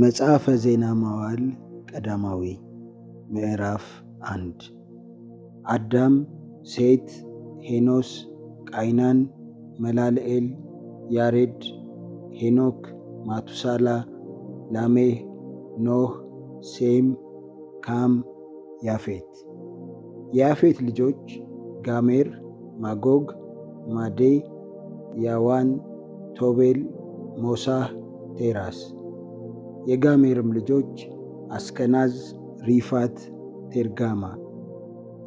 መጽሐፈ ዜና መዋዕል ቀዳማዊ ምዕራፍ አንድ አዳም፣ ሴት፣ ሄኖስ፣ ቃይናን፣ መላልኤል፣ ያሬድ፣ ሄኖክ፣ ማቱሳላ፣ ላሜህ፣ ኖህ፣ ሴም፣ ካም፣ ያፌት። የያፌት ልጆች ጋሜር፣ ማጎግ፣ ማዴ፣ ያዋን፣ ቶቤል፣ ሞሳህ፣ ቴራስ የጋሜርም ልጆች አስከናዝ፣ ሪፋት፣ ቴርጋማ።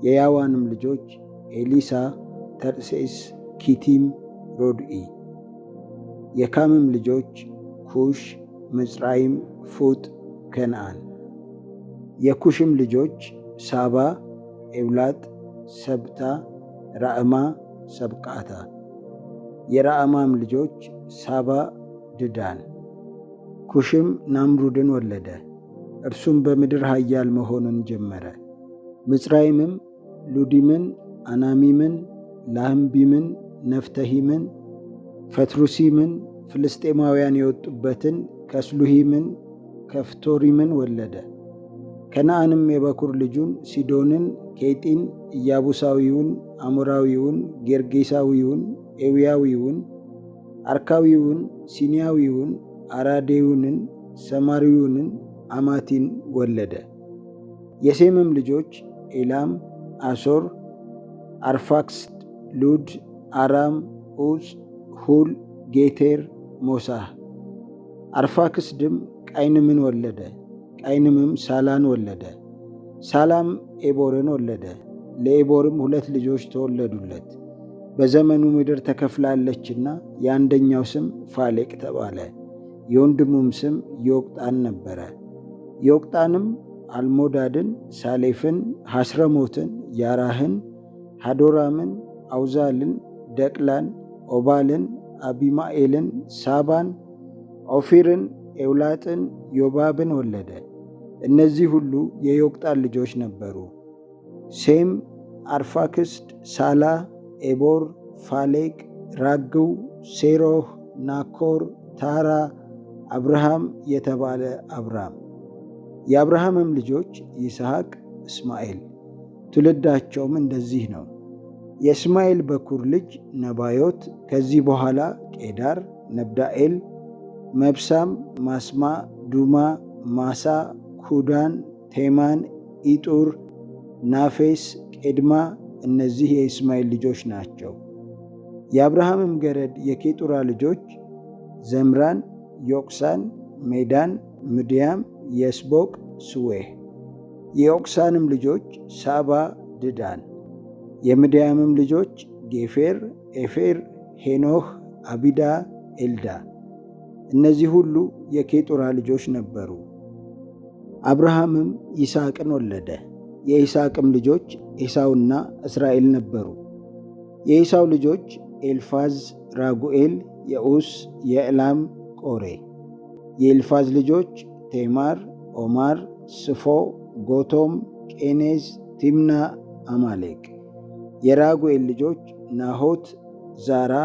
የያዋንም ልጆች ኤሊሳ፣ ተርሴስ፣ ኪቲም፣ ሮድኢ። የካምም ልጆች ኩሽ፣ ምጽራይም፣ ፉጥ፣ ከነአን። የኩሽም ልጆች ሳባ፣ ኤውላጥ፣ ሰብታ፣ ራእማ፣ ሰብቃታ። የራእማም ልጆች ሳባ፣ ድዳን ኩሽም ናምሩድን ወለደ። እርሱም በምድር ኃያል መሆኑን ጀመረ። ምጽራይምም ሉዲምን፣ አናሚምን፣ ላህምቢምን፣ ነፍተሂምን፣ ፈትሩሲምን፣ ፍልስጤማውያን የወጡበትን ከስሉሂምን፣ ከፍቶሪምን ወለደ። ከነአንም የበኩር ልጁን ሲዶንን፣ ኬጢን፣ ኢያቡሳዊውን፣ አሞራዊውን፣ ጌርጌሳዊውን፣ ኤውያዊውን አርካዊውን፣ ሲኒያዊውን፣ አራዴዩንን፣ ሰማሪዩንን፣ አማቲን ወለደ። የሴምም ልጆች ኤላም፣ አሶር፣ አርፋክስድ፣ ሉድ፣ አራም፣ ዑፅ፣ ሁል፣ ጌቴር፣ ሞሳህ። አርፋክስድም ቃይንምን ወለደ። ቃይንምም ሳላን ወለደ። ሳላም ኤቦርን ወለደ። ለኤቦርም ሁለት ልጆች ተወለዱለት። በዘመኑ ምድር ተከፍላለችና የአንደኛው ስም ፋሌቅ ተባለ። የወንድሙም ስም ዮቅጣን ነበረ። ዮቅጣንም አልሞዳድን፣ ሳሌፍን፣ ሐስረሞትን፣ ያራህን፣ ሃዶራምን፣ አውዛልን፣ ደቅላን፣ ኦባልን፣ አቢማኤልን፣ ሳባን፣ ኦፊርን፣ ኤውላጥን፣ ዮባብን ወለደ። እነዚህ ሁሉ የዮቅጣን ልጆች ነበሩ። ሴም፣ አርፋክስድ፣ ሳላ፣ ኤቦር፣ ፋሌቅ፣ ራግው፣ ሴሮህ፣ ናኮር፣ ታራ አብርሃም የተባለ አብርሃም የአብርሃምም ልጆች ይስሐቅ፣ እስማኤል ትውልዳቸውም እንደዚህ ነው። የእስማኤል በኩር ልጅ ነባዮት ከዚህ በኋላ ቄዳር፣ ነብዳኤል፣ መብሳም፣ ማስማ፣ ዱማ፣ ማሳ፣ ኩዳን፣ ቴማን፣ ኢጡር፣ ናፌስ፣ ቄድማ እነዚህ የእስማኤል ልጆች ናቸው። የአብርሃምም ገረድ የኬጡራ ልጆች ዘምራን ዮቅሳን፣ ሜዳን፣ ምድያም፣ የስቦቅ፣ ስዌህ። የዮቅሳንም ልጆች ሳባ፣ ድዳን። የምድያምም ልጆች ጌፌር፣ ኤፌር፣ ሄኖህ፣ አቢዳ፣ ኤልዳ። እነዚህ ሁሉ የኬጡራ ልጆች ነበሩ። አብርሃምም ይስሐቅን ወለደ። የይስሐቅም ልጆች ኤሳውና እስራኤል ነበሩ። የኤሳው ልጆች ኤልፋዝ፣ ራጉኤል፣ የዑስ፣ የዕላም፣ ቆሬ። የኤልፋዝ ልጆች ቴማር፣ ኦማር፣ ስፎ፣ ጎቶም፣ ቄኔዝ፣ ቲምና፣ አማሌቅ። የራጉኤል ልጆች ናሆት፣ ዛራ፣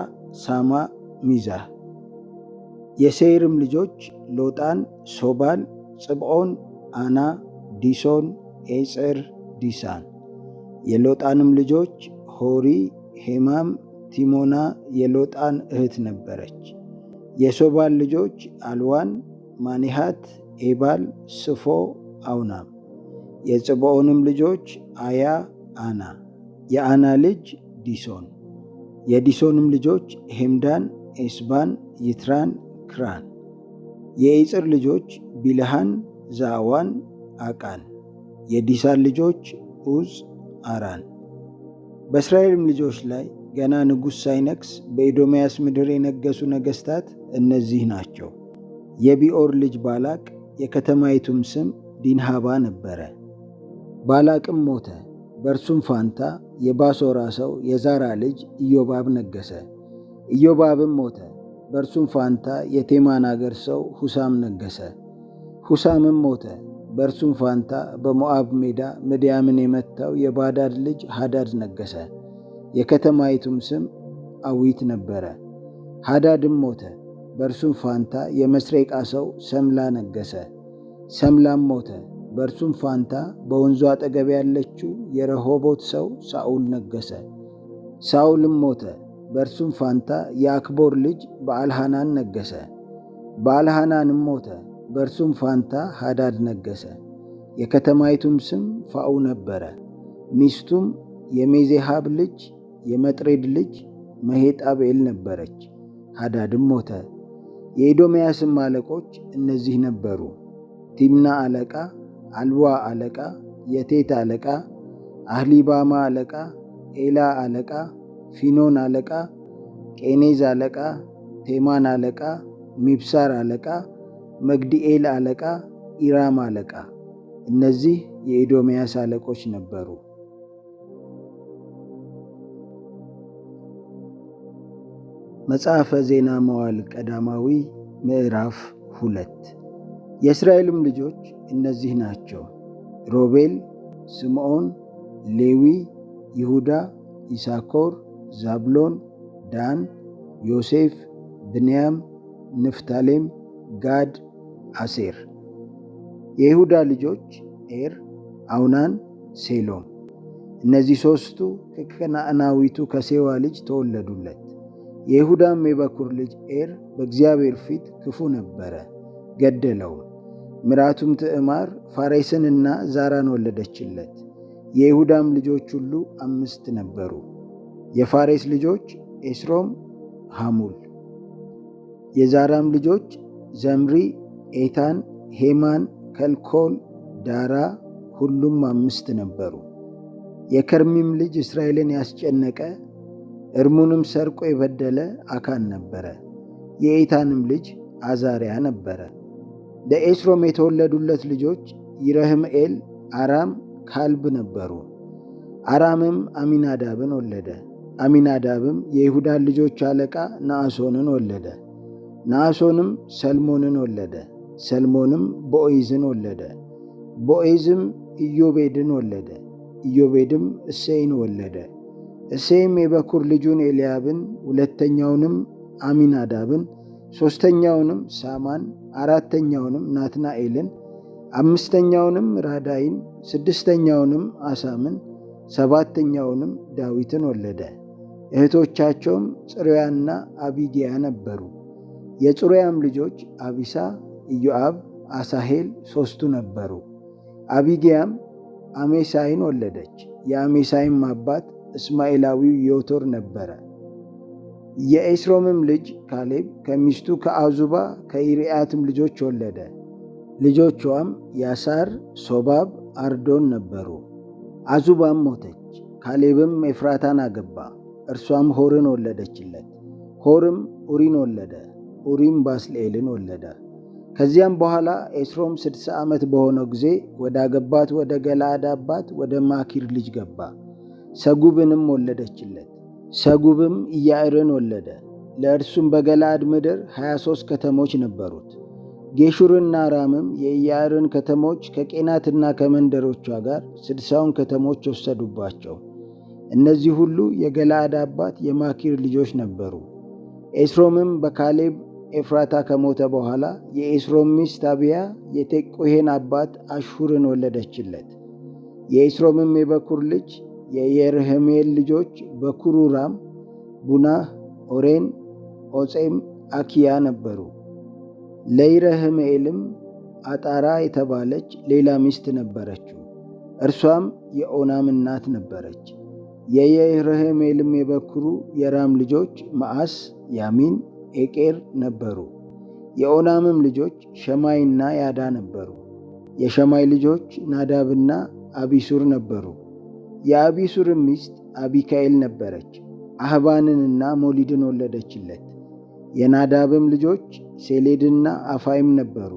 ሳማ፣ ሚዛ የሴይርም ልጆች ሎጣን፣ ሶባል፣ ጽብዖን፣ አና፣ ዲሶን፣ ኤጽር፣ ዲሳን። የሎጣንም ልጆች ሆሪ፣ ሄማም፣ ቲሞና የሎጣን እህት ነበረች። የሶባል ልጆች አልዋን፣ ማኒሃት፣ ኤባል፣ ስፎ፣ አውናም። የጽብዖንም ልጆች አያ፣ አና። የአና ልጅ ዲሶን። የዲሶንም ልጆች ሄምዳን፣ ኤስባን፣ ይትራን፣ ክራን። የኢጽር ልጆች ቢልሃን፣ ዛዋን፣ አቃን። የዲሳን ልጆች ዑዝ፣ አራን። በእስራኤልም ልጆች ላይ ገና ንጉሥ ሳይነግስ በኤዶምያስ ምድር የነገሱ ነገሥታት እነዚህ ናቸው። የቢኦር ልጅ ባላቅ የከተማይቱም ስም ዲንሃባ ነበረ። ባላቅም ሞተ። በእርሱም ፋንታ የባሶራ ሰው የዛራ ልጅ ኢዮባብ ነገሰ። ኢዮባብም ሞተ። በእርሱም ፋንታ የቴማን አገር ሰው ሁሳም ነገሰ። ሁሳምም ሞተ። በእርሱም ፋንታ በሞዓብ ሜዳ ምድያምን የመታው የባዳድ ልጅ ሃዳድ ነገሰ። የከተማይቱም ስም አዊት ነበረ። ሃዳድም ሞተ፣ በእርሱም ፋንታ የመስሬቃ ሰው ሰምላ ነገሰ። ሰምላም ሞተ፣ በእርሱም ፋንታ በወንዙ አጠገብ ያለችው የረሆቦት ሰው ሳኡል ነገሰ። ሳኡልም ሞተ፣ በእርሱም ፋንታ የአክቦር ልጅ በአልሃናን ነገሰ። በአልሃናንም ሞተ፣ በእርሱም ፋንታ ሃዳድ ነገሰ። የከተማይቱም ስም ፋኡ ነበረ። ሚስቱም የሜዜሃብ ልጅ የመጥሬድ ልጅ መሄጣብኤል ነበረች። ሃዳድም ሞተ። የኤዶምያስም አለቆች እነዚህ ነበሩ። ቲምና አለቃ፣ አልዋ አለቃ፣ የቴት አለቃ፣ አህሊባማ አለቃ፣ ኤላ አለቃ፣ ፊኖን አለቃ፣ ቄኔዝ አለቃ፣ ቴማን አለቃ፣ ሚብሳር አለቃ፣ መግዲኤል አለቃ፣ ኢራም አለቃ። እነዚህ የኤዶምያስ አለቆች ነበሩ። መጽሐፈ ዜና መዋዕል ቀዳማዊ ምዕራፍ ሁለት የእስራኤልም ልጆች እነዚህ ናቸው፣ ሮቤል፣ ስምዖን፣ ሌዊ፣ ይሁዳ፣ ይሳኮር፣ ዛብሎን፣ ዳን፣ ዮሴፍ፣ ብንያም፣ ንፍታሌም፣ ጋድ፣ አሴር። የይሁዳ ልጆች ኤር፣ አውናን፣ ሴሎም። እነዚህ ሦስቱ ከቀናዕናዊቱ ከሴዋ ልጅ ተወለዱለት። የይሁዳም የበኩር ልጅ ኤር በእግዚአብሔር ፊት ክፉ ነበረ፣ ገደለውም። ምራቱም ትዕማር ፋሬስንና ዛራን ወለደችለት። የይሁዳም ልጆች ሁሉ አምስት ነበሩ። የፋሬስ ልጆች ኤስሮም፣ ሐሙል። የዛራም ልጆች ዘምሪ፣ ኤታን፣ ሄማን፣ ከልኮል፣ ዳራ ሁሉም አምስት ነበሩ። የከርሚም ልጅ እስራኤልን ያስጨነቀ እርሙንም ሰርቆ የበደለ አካን ነበረ። የኢታንም ልጅ አዛሪያ ነበረ። ለኤስሮም የተወለዱለት ልጆች ይረህምኤል፣ አራም፣ ካልብ ነበሩ። አራምም አሚናዳብን ወለደ። አሚናዳብም የይሁዳን ልጆች አለቃ ነአሶንን ወለደ። ነአሶንም ሰልሞንን ወለደ። ሰልሞንም ቦኤዝን ወለደ። ቦኤዝም ኢዮቤድን ወለደ። ኢዮቤድም እሴይን ወለደ። እሴይም የበኩር ልጁን ኤልያብን ሁለተኛውንም አሚናዳብን ሦስተኛውንም ሳማን አራተኛውንም ናትናኤልን አምስተኛውንም ራዳይን ስድስተኛውንም አሳምን ሰባተኛውንም ዳዊትን ወለደ። እህቶቻቸውም ጽሩያና አቢጊያ ነበሩ። የጽሩያም ልጆች አቢሳ፣ ኢዮአብ፣ አሳሄል ሦስቱ ነበሩ። አቢጊያም አሜሳይን ወለደች። የአሜሳይም አባት እስማኤላዊው ዮቶር ነበረ። የኤስሮምም ልጅ ካሌብ ከሚስቱ ከአዙባ ከኢሪአትም ልጆች ወለደ። ልጆቿም ያሳር፣ ሶባብ፣ አርዶን ነበሩ። አዙባም ሞተች። ካሌብም ኤፍራታን አገባ፣ እርሷም ሆርን ወለደችለት። ሆርም ኡሪን ወለደ፣ ኡሪም ባስልኤልን ወለደ። ከዚያም በኋላ ኤስሮም ስድሳ ዓመት በሆነው ጊዜ ወደ አገባት ወደ ገላአድ አባት ወደ ማኪር ልጅ ገባ። ሰጉብንም ወለደችለት። ሰጉብም ኢያዕርን ወለደ። ለእርሱም በገላአድ ምድር 23 ከተሞች ነበሩት። ጌሹርና ራምም የኢያዕርን ከተሞች ከቄናትና ከመንደሮቿ ጋር ስድሳውን ከተሞች ወሰዱባቸው። እነዚህ ሁሉ የገላአድ አባት የማኪር ልጆች ነበሩ። ኤስሮምም በካሌብ ኤፍራታ ከሞተ በኋላ የኤስሮም ሚስት አብያ የቴቁሄን አባት አሽሁርን ወለደችለት። የኤስሮምም የበኩር ልጅ የየርህሜል ልጆች በኩሩራም፣ ቡና፣ ኦሬን፣ ኦጼም፣ አኪያ ነበሩ። ለይረህምኤልም አጣራ የተባለች ሌላ ሚስት ነበረችው። እርሷም የኦናም እናት ነበረች። የየረህምኤልም የበኩሩ የራም ልጆች መዓስ፣ ያሚን፣ ኤቄር ነበሩ። የኦናምም ልጆች ሸማይና ያዳ ነበሩ። የሸማይ ልጆች ናዳብና አቢሱር ነበሩ። የአቢሱርም ሚስት አቢካኤል ነበረች። አህባንንና ሞሊድን ወለደችለት። የናዳብም ልጆች ሴሌድና አፋይም ነበሩ።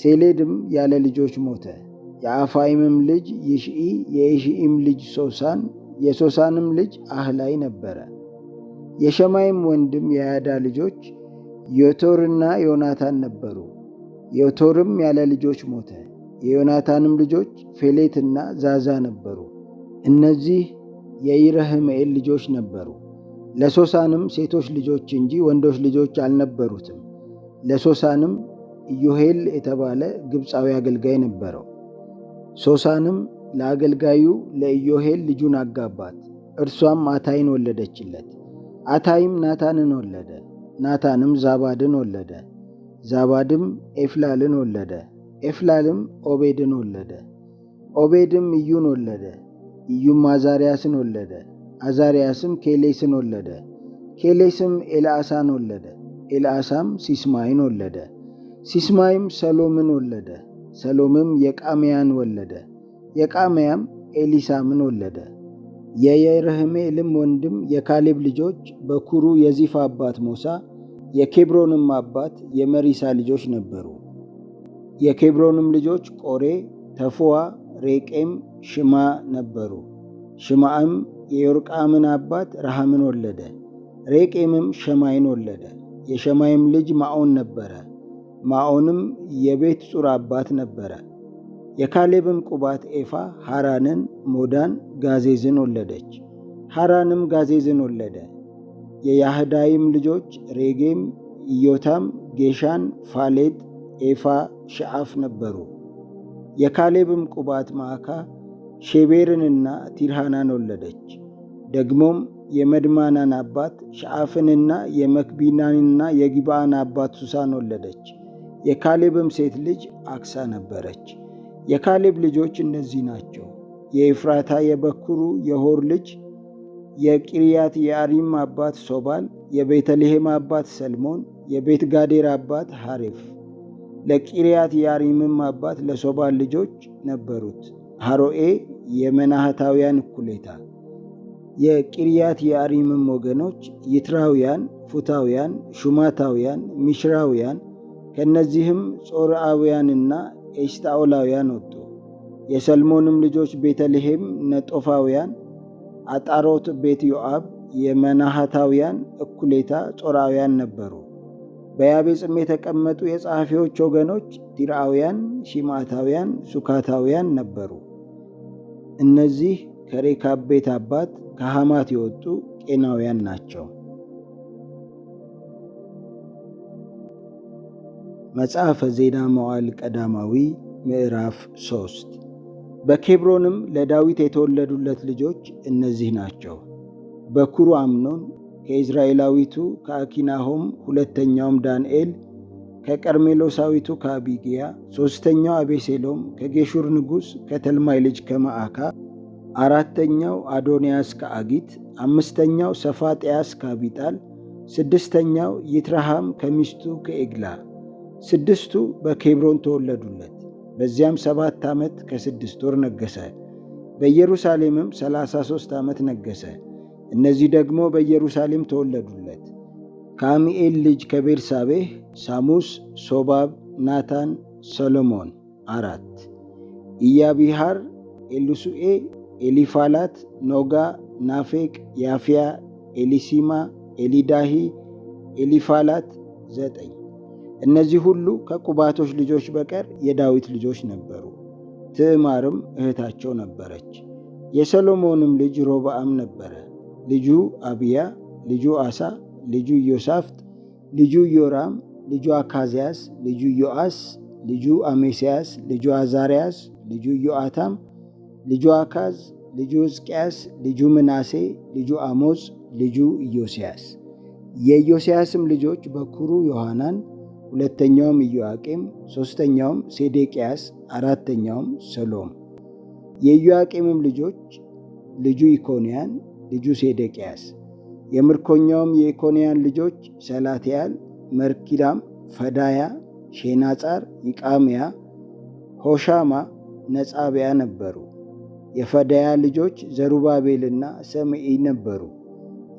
ሴሌድም ያለ ልጆች ሞተ። የአፋይምም ልጅ ይሽኢ፣ የይሽኢም ልጅ ሶሳን፣ የሶሳንም ልጅ አህላይ ነበረ። የሸማይም ወንድም የያዳ ልጆች ዮቶርና ዮናታን ነበሩ። ዮቶርም ያለ ልጆች ሞተ። የዮናታንም ልጆች ፌሌትና ዛዛ ነበሩ። እነዚህ የይረህምኤል ልጆች ነበሩ። ለሶሳንም ሴቶች ልጆች እንጂ ወንዶች ልጆች አልነበሩትም። ለሶሳንም ኢዮሄል የተባለ ግብፃዊ አገልጋይ ነበረው። ሶሳንም ለአገልጋዩ ለኢዮሄል ልጁን አጋባት። እርሷም አታይን ወለደችለት። አታይም ናታንን ወለደ። ናታንም ዛባድን ወለደ። ዛባድም ኤፍላልን ወለደ። ኤፍላልም ኦቤድን ወለደ። ኦቤድም ኢዩን ወለደ። ኢዩም አዛርያስን ወለደ። አዛርያስም ኬሌስን ወለደ። ኬሌስም ኤልአሳን ወለደ። ኤልአሳም ሲስማይን ወለደ። ሲስማይም ሰሎምን ወለደ። ሰሎምም የቃምያን ወለደ። የቃምያም ኤሊሳምን ወለደ። የየረህሜልም ወንድም የካሌብ ልጆች በኩሩ የዚፍ አባት ሞሳ፣ የኬብሮንም አባት የመሪሳ ልጆች ነበሩ። የኬብሮንም ልጆች ቆሬ፣ ተፉዋ፣ ሬቄም፣ ሽማ ነበሩ። ሽማዕም የዮርቃምን አባት ረሃምን ወለደ። ሬቄምም ሸማይን ወለደ። የሸማይም ልጅ ማዖን ነበረ። ማዖንም የቤት ጹር አባት ነበረ። የካሌብም ቁባት ኤፋ ሐራንን፣ ሞዳን፣ ጋዜዝን ወለደች። ሐራንም ጋዜዝን ወለደ። የያህዳይም ልጆች ሬጌም፣ ኢዮታም፣ ጌሻን፣ ፋሌጥ፣ ኤፋ፣ ሸዓፍ ነበሩ። የካሌብም ቁባት ማዕካ ሼቤርንና ቲርሃናን ወለደች። ደግሞም የመድማናን አባት ሸዓፍንና የመክቢናንና የጊባን አባት ሱሳን ወለደች። የካሌብም ሴት ልጅ አክሳ ነበረች። የካሌብ ልጆች እነዚህ ናቸው። የኤፍራታ የበኩሩ የሆር ልጅ የቂርያት የአሪም አባት ሶባል፣ የቤተልሔም አባት ሰልሞን፣ የቤት ጋዴር አባት ሐሪፍ። ለቂርያት የአሪምም አባት ለሶባል ልጆች ነበሩት። ሀሮኤ የመናህታውያን እኩሌታ፣ የቂርያት የአሪምም ወገኖች ይትራውያን፣ ፉታውያን፣ ሹማታውያን፣ ሚሽራውያን ከእነዚህም ጾርአውያንና ኤሽታኦላውያን ወጡ። የሰልሞንም ልጆች ቤተልሔም ነጦፋውያን፣ አጣሮት ቤት ዮአብ የመናሃታውያን እኩሌታ ጾርአውያን ነበሩ። በያቤጽም የተቀመጡ የጸሐፊዎች ወገኖች ቲርአውያን፣ ሺማታውያን፣ ሱካታውያን ነበሩ። እነዚህ ከሬካብ ቤት አባት ከሐማት የወጡ ቄናውያን ናቸው። መጽሐፈ ዜና መዋዕል ቀዳማዊ ምዕራፍ ሶስት በኬብሮንም ለዳዊት የተወለዱለት ልጆች እነዚህ ናቸው። በኩሩ አምኖን ከኢዝራኤላዊቱ ከአኪናሆም ሁለተኛውም ዳንኤል ከቀርሜሎሳዊቱ ከአቢግያ፣ ሦስተኛው አቤሴሎም ከጌሹር ንጉሥ ከተልማይ ልጅ ከመዓካ፣ አራተኛው አዶንያስ ከአጊት፣ አምስተኛው ሰፋጥያስ ከአቢጣል፣ ስድስተኛው ይትረሃም ከሚስቱ ከኤግላ። ስድስቱ በኬብሮን ተወለዱለት። በዚያም ሰባት ዓመት ከስድስት ወር ነገሰ በኢየሩሳሌምም ሠላሳ ሦስት ዓመት ነገሰ እነዚህ ደግሞ በኢየሩሳሌም ተወለዱለት። ከአሚኤል ልጅ ከቤርሳቤህ ሳሙስ፣ ሶባብ፣ ናታን፣ ሰሎሞን አራት ኢያቢሃር፣ ኤልሱኤ፣ ኤሊፋላት፣ ኖጋ፣ ናፌቅ፣ ያፍያ፣ ኤሊሲማ፣ ኤሊዳሂ፣ ኤሊፋላት ዘጠኝ እነዚህ ሁሉ ከቁባቶች ልጆች በቀር የዳዊት ልጆች ነበሩ። ትዕማርም እህታቸው ነበረች። የሰሎሞንም ልጅ ሮብዓም ነበረ። ልጁ አብያ፣ ልጁ አሳ ልጁ ኢዮሳፍት፣ ልጁ ኢዮራም፣ ልጁ አካዝያስ፣ ልጁ ዮአስ ልጁ አሜስያስ፣ ልጁ አዛርያስ፣ ልጁ ዮአታም፣ ልጁ አካዝ፣ ልጁ ሕዝቅያስ፣ ልጁ ምናሴ፣ ልጁ አሞጽ፣ ልጁ ኢዮስያስ። የኢዮስያስም ልጆች በኩሩ ዮሐናን፣ ሁለተኛውም ኢዮአቄም፣ ሦስተኛውም ሴዴቅያስ፣ አራተኛውም ሰሎም። የኢዮአቄምም ልጆች ልጁ ኢኮንያን፣ ልጁ ሴዴቅያስ የምርኮኛውም የኢኮንያን ልጆች ሰላትያል፣ መርኪዳም፣ ፈዳያ፣ ሼናጻር፣ ይቃምያ፣ ሆሻማ ነጻቢያ ነበሩ። የፈዳያ ልጆች ዘሩባቤልና ሰምዒ ነበሩ።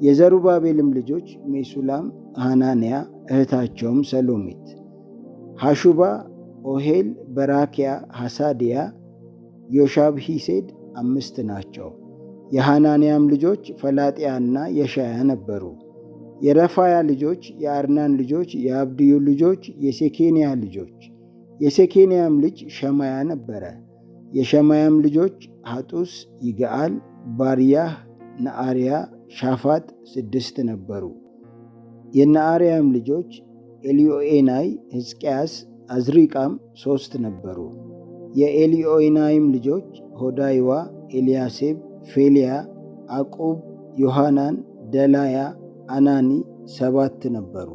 የዘሩባቤልም ልጆች ሜሱላም፣ ሃናንያ፣ እህታቸውም ሰሎሚት፣ ሐሹባ፣ ኦሄል፣ በራኪያ፣ ሐሳድያ፣ ዮሻብሂሴድ አምስት ናቸው። የሐናንያም ልጆች ፈላጢያና የሻያ ነበሩ። የረፋያ ልጆች፣ የአርናን ልጆች፣ የአብድዩ ልጆች፣ የሴኬንያ ልጆች። የሴኬንያም ልጅ ሸማያ ነበረ። የሸማያም ልጆች ሐጡስ፣ ይግአል፣ ባርያህ፣ ነአርያ፣ ሻፋጥ ስድስት ነበሩ። የነአርያም ልጆች ኤልዮኤናይ፣ ሕዝቅያስ፣ አዝሪቃም ሦስት ነበሩ። የኤልዮኤናይም ልጆች ሆዳይዋ፣ ኤልያሴብ ፌልያ፣ ዓቁብ፣ ዮሐናን፣ ደላያ፣ አናኒ ሰባት ነበሩ።